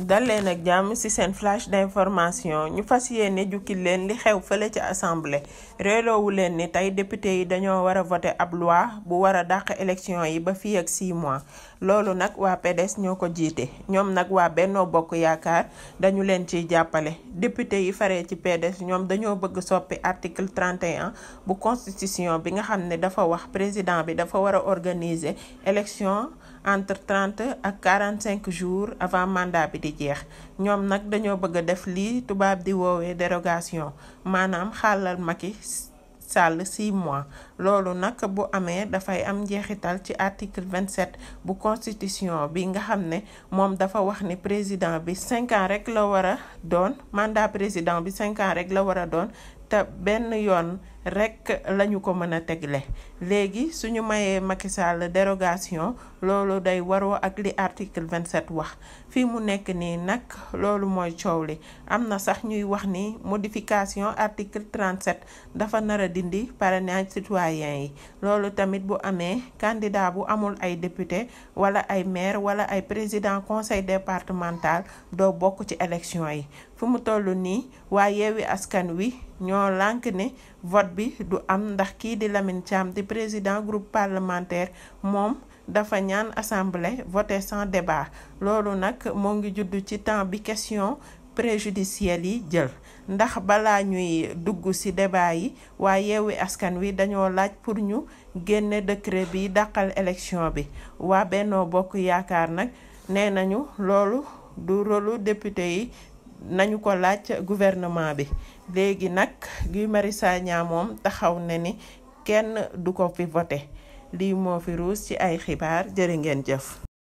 dal leen ak jàmm ci seen flash d'information ñu fas ne jukki leen li xew fële ci assemblée réeloowu leen ni tey député yi dañoo war a voté ab loi bu war a dàq élection yi ba fi ak 6 mois loolu nag waa PDS ñoo ko jiite ñoom nag waa benno Bokk Yaakaar dañu leen ciy jàppale député yi faree ci PDS ñoom dañoo bëgg soppi article 31 bu constitution bi nga xam ne dafa wax président bi dafa war a organiser élection entre 30 ak 45 jours avant mandat bi di jeex ñoom nag dañoo bëgg a def lii tubaab di woowee dérogation maanaam xalal Macky Sall six mois loolu nag bu amee dafay am njeexital ci article vingt sept bu constitution bi nga xam ne moom dafa wax ni président bi cinq rek la war a doon mandat président bi cinq rek la war a doon te benn yoon. rek la ko mën tegle léegi suñu mayee Macky dérogation loolu day waroo ak li article 27 wax fii mu nekk nii nag loolu mooy sax modification article 37 dafa nar a dindi parrainage citoyen yi loolu tamit bu candidat bu amul ay député wala ay maire wala ay président conseil départemental do bokk ci élection yi fu mu toll nii waa vote bi du am ndax kii di Lamine président groupe parlementaire moom dafa assemblée voté sans débat loolu nag moo ngi judd ci temps bi question préjudicielle yi jël ndax balaa ñuy dugg ci débat yi waa yeewi askan wi dañoo laaj pour ñu génne décret bi dàqal élection bi waa Benno Bokk Yaakaar nag nee nañu du député yi nañu ko laaj gouvernement bi léegi nag Guy Marius Sagna moom taxaw na ni kenn du ko fi voté lii moo fi ruus ci ay xibaar jërë ngeen jëf